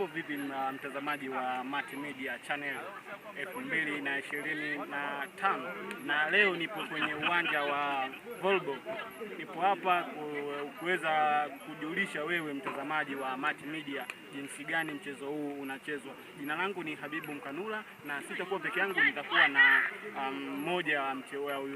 Mambo vipi mtazamaji wa Mati Media Channel elfu mbili na ishirini na tano na leo nipo kwenye uwanja wa volbo Nipo hapa kuweza kujulisha wewe mtazamaji wa Mati Media jinsi gani mchezo huu unachezwa. Jina langu ni Habibu Mkanula na sitakuwa peke yangu, nitakuwa na um, mmoja um, wa uh,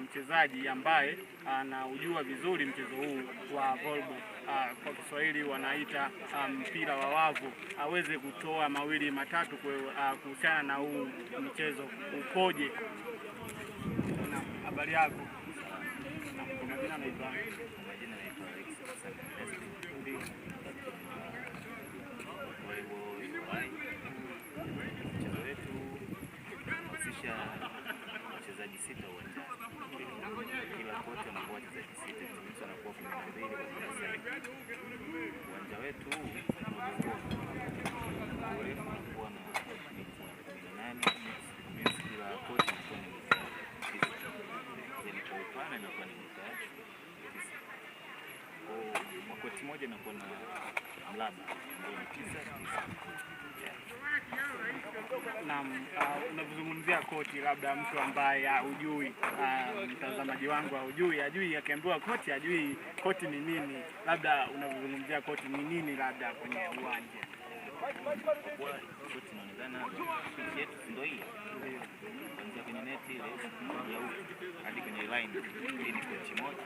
mchezaji ambaye anaujua uh, vizuri mchezo huu wa volleyball uh, kwa Kiswahili wanaita uh, mpira um, wa wavu aweze kutoa mawili matatu ah, kuhusiana na huu mchezo ukoje. Habari yako? Mchezo wetu wachezaji sita uwanjani, kila kocha anakuwa wachezaji sita, anakuwa kumi na mbili Uwanja wetu kwa koti moja inakuwa na mraba na uh, unavyozungumzia koti, labda mtu ambaye hujui uh, mtazamaji wangu haujui ajui akiambiwa koti ajui koti ni nini, labda unavyozungumzia koti ni nini, labda kwenye uwanja kwenye neti ile hadi kwenye line, hii ni koti moja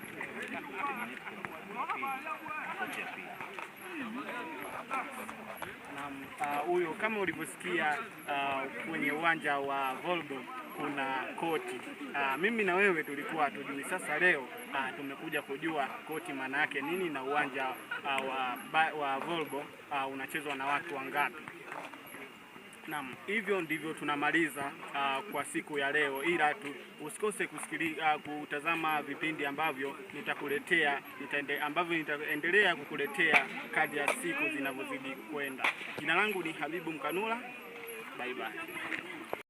huyo uh, kama ulivyosikia uh, kwenye uwanja wa volbo kuna koti uh, mimi na wewe tulikuwa tujui Sasa leo uh, tumekuja kujua koti maana yake nini na uwanja uh, wa, wa volleyball uh, unachezwa na watu wangapi. Naam, hivyo ndivyo tunamaliza uh, kwa siku ya leo, ila tu usikose kusikiliza, uh, kutazama vipindi ambavyo nitakuletea nitaende, ambavyo nitaendelea kukuletea kadri ya siku zinavyozidi kwenda. Jina langu ni Habibu Mkanula. Bye bye.